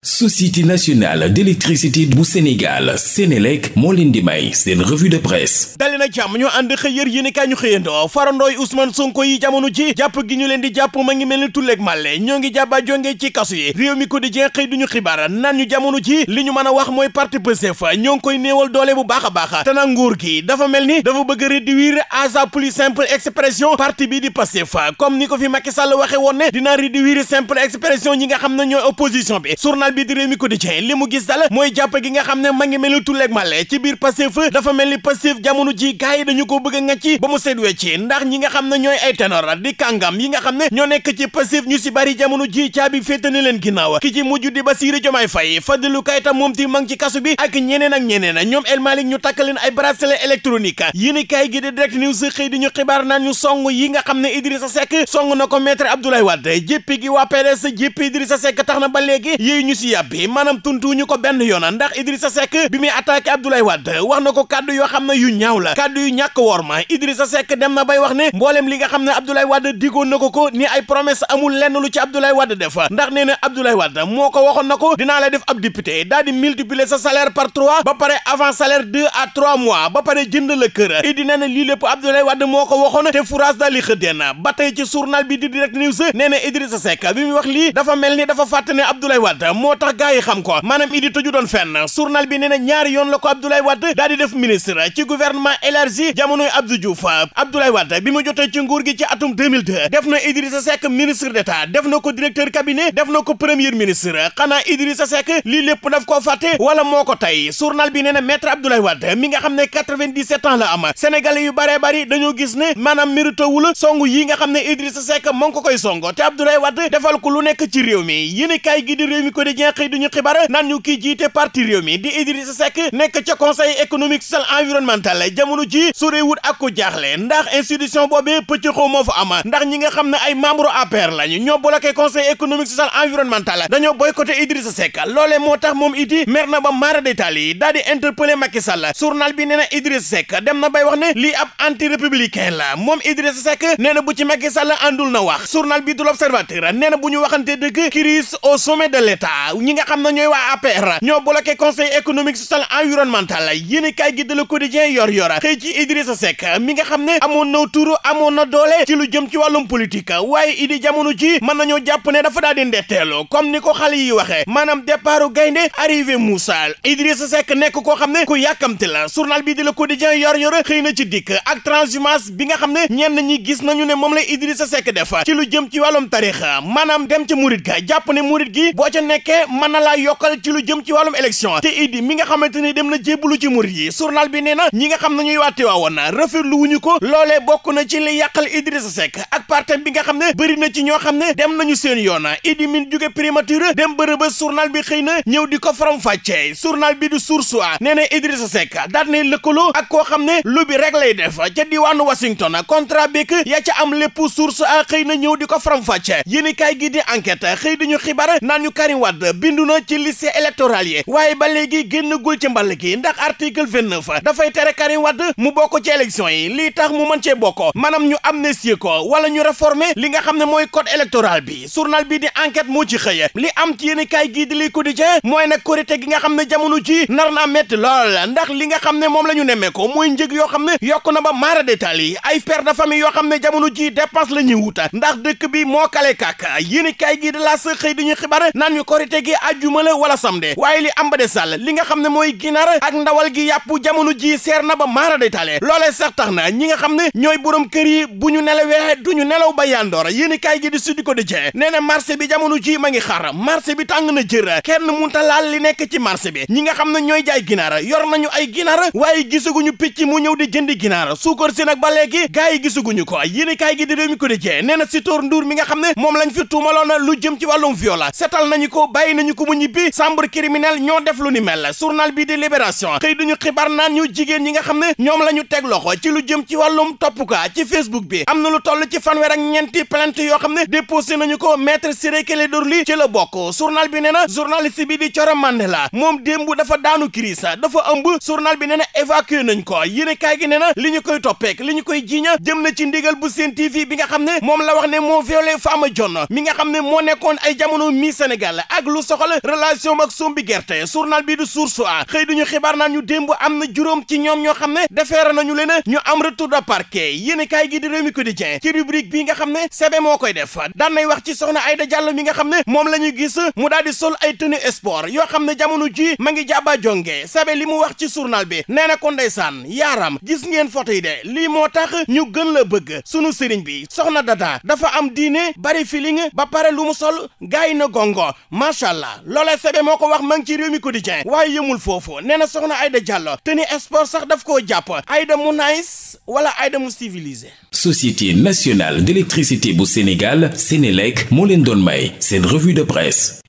société nationale d'électricité bu Sénégal Sénélec moo leen di may seen revue de presse dali na jàmm ñu ànd xëy yër yéenekaay ñu xëyandoo farandooy Ousmane Sonko yi jamono ji jàpp gi ñu leen di jàpp ma ngi mel ni tulleeg màlle ñoo ngi jàbba jongee ci kasu yi réew mi quotidien xëy duñu xibaar naan ñu jamono ji li ñu mën a wax mooy parti Pastef ñoo ngi koy néewal doole bu baax a baax te nag nguur gi dafa mel ni dafa bëgg réduire à plus journal bi di Rewmi Quotidien li mu gis dal mooy jàpp gi nga xam ne ma ngi mel ni tulleeg male ci biir Pastef dafa mel ni Pastef jamono ji gars dañu ko bëgg a ŋàcc ba mu seet wecci ndax ñi nga xam ne ñooy ay ténor di kàngam yi nga xam ne ñoo nekk ci Pastef ñu si bari jamono ji caabi féete na leen ginnaaw ki ci mujj di Bassirou Diomaye Faye Fadilou Keïta moom ti ma ci kasu bi ak ñeneen ak ñeneen ñoom El Malick ñu takk leen ay bracelet électronique yéen na ba léegi duñu si yàbbi maanaam tuntuwuñu ko benn yoon ndax Idrissa Seck bi muy attaqué Abdoulaye Wade wax na ko kàddu yoo xam ne yu ñaaw la kàddu yu ñàkk woor ma Idrissa Seck dem na bay wax ne mbooleem li nga xam ne Abdoulaye Wade digoon na ko ko ni ay promesse amul lenn lu ci Abdoulaye Wade def ndax nee na Abdoulaye moo ko waxoon na ko dinaa la def ab député daal sa salaire par trois ba pare avant salaire deux à trois mois ba pare jënd la kër idi nee lii lépp Abdoulaye Wade ni dafa fàtte ne Abdoulaye moo tax gaa yi xam ko maanaam idi tëju na ñaari yoon la ko Abdoulaye Wade ci nguur gi atum 2002 def na Idrissa Seck ministre d'État def na ko directeur cabinet def wala moo ko tey journal na maître Abdoulaye Wade mi nga xam ne 97 am sénégalais yu baree bari dañoo gis ne maanaam mérite wul song ne Idrissa koy song te Abdoulaye Wade defal ko lu nekk ci réew mi yéen kaay gi di réew mi quotidien xëy duñu xibaar naan ñu kii jiite parti réew mi di Idrissa Seck nekk ca conseil économique social environnemental jamono ji sorewut ak ko jaaxle ndax institution boobee pëccëxoo moo fa am ndax ñi nga xam ne ay membre APR lañu ñoo bloqué conseil économique social environnemental dañoo boycotté Idrissa Seck loolee moo tax moom Idi mer na ba mara détail yi daal di interpellé Macky bi nee na Idrissa Seck dem na bay wax ne lii ab anti républicain la moom Idrissa Seck nee na bu ci Macky Sall na bi du l'observateur nee na bu voilà ñi nga xam ne ñooy waa APR ñoo bloqué conseil économique social environnemental yéen kay gi de Le Quotidien yor yora xëy ci mi nga xam ne amoon na turu amoon na doole ci lu jëm ci wàllum politique waaye idi jamono ji mën nañoo jàpp ne dafa daal di ndetteelu comme ni ko xale yi waxee maanaam départu gaynde arrivé Moussa Idrissa sekk nekk koo xam ne ku yàkkamte la journal bi di Le Quotidien yor yora na ci dikk ak transhumance bi nga xam ne ñenn ñi gis nañu ne moom la Idrissa Seck def ci lu jëm ci wàllum tarixa maanaam dem ci murit ga ne murit gi boo ca nekkee loolee mën na laa yokkal ci lu jëm ci wàllum élection te idi mi nga xamante ni dem na yi journal bi nee na ñi nga xam ko loolee bokk na ci li yàqal Idrissa Seck ak partem bi nga xam ne bëri ci ñoo xam ne dem nañu seen yoon idi min jóge primature dem bërëbës journal bi xëy na ñëw di ko faram fàccee journal bi du source a na Idrissa Seck daal ne ak koo xam ne lu bi rek lay def ca diwaanu Washington contrat beeg yaa ca am lépp source a xëy na ñëw di ko faram fàccee yéen i kaay gi di enquête xëy Sall bindu na ci liste électorale yi waaye ba léegi génnagul ci mbàll gi ndax article 29 dafay tere Karim Wade mu bokk ci élection yi lii tax mu mën cee bokk maanaam ñu amnistie ko wala ñu réformer li nga xam ne mooy code électoral bi journal bi di enquête moo ci xëye li am ci yéen kaay gii di li quotidien na nag korite gi nga xam ne jamono ji nar naa métti lool ndax li nga xam ne moom la ñu nemmee ko mooy njëg yoo xam ne yokk na ba maara détail yi ay père de yoo xam ne jamono ji dépense la ñuy wuta ndax dëkk bi moo kale kàkk yéen kaay gii altine gi àjjuma la wala samedi waaye li am ba de li nga xam ne mooy ginaar ak ndawal gi yàpp jamono ji seer na ba a day tale loolee sax tax na ñi nga xam ne ñooy borom kër yi bu ñu nelawee du ñu nelaw ba yandoor yéen kaay gi di suddi ko di jee nee na marché bi jamono ji ma ngi xaar marché bi tàng na jër kenn munta laal li nekk ci marché bi ñi nga xam ne ñooy jaay ginaar yor nañu ay ginaar waaye gisuguñu picc mu ñëw di jënd ginaar suukar si nag ba léegi gars yi gisuguñu ko yéen kaay gi di réew mi ko di nee na si tóor nduur mi nga xam ne moom lañ fi tuumaloon lu jëm ci wàllum viol setal nañu ko bàyyi nañu ko mu ñibbi chambre criminelle ñoo def lu ni mel journal bi di libération xëy duñu xibaar naan ñu jigéen ñi nga xam ne ñoom la ñu teg loxo ci lu jëm ci wàllum toppuka ci facebook bi am na lu toll ci fanweer ak ñeenti plainte yoo xam ne déposé nañu ko maître Ciré Clédor Ly ci la bokk journal bi nee na journaliste bi di Thioro Mandela moom démb dafa daanu crise dafa ëmb journal bi nee na évacué nañ ko yéen kaay gi nee na li ñu koy toppeek li ñu koy jiiña jëm na ci ndigal bu seen TV bi nga xam ne moom la wax ne moo violé Fama Dione mi nga xam ne moo nekkoon ay jamono mi Sénégal ak lu soxal relation ak sombi gerte journal bi du source a xëy duñu xibaar naan ñu démb am na juróom ci ñoom ñoo xam ne defeere nañu leen ñu am retour de parquet yéen kaay gi di Rewmi Quotidien ci rubrique bi nga xam ne sebe moo koy def daan nay wax ci soxna Aïda Diallo mi nga xam ne moom la ñu gis mu daal di sol ay tenue sport yoo xam ne jamono ji ma ngi jàbba jonge sebe li mu wax ci journal bi nee na ko ndeysaan yaaram gis ngeen photo yi de lii moo tax ñu gën la bëgg sunu sëriñ bi soxna Dada dafa am diine bari feeling ba pare lu mu sol gaay na gongo macha allah loolee sebe moo ko wax ma ngi ci réew mi quotidien waaye yëmul foofu nee na ay Aïda Diallo te ni sport sax daf koo jàpp Aïda mu nice wala Aïda mu civilisé. Société nationale d'électricité bu Sénégal Sénélec moo leen doon may seen revue de presse.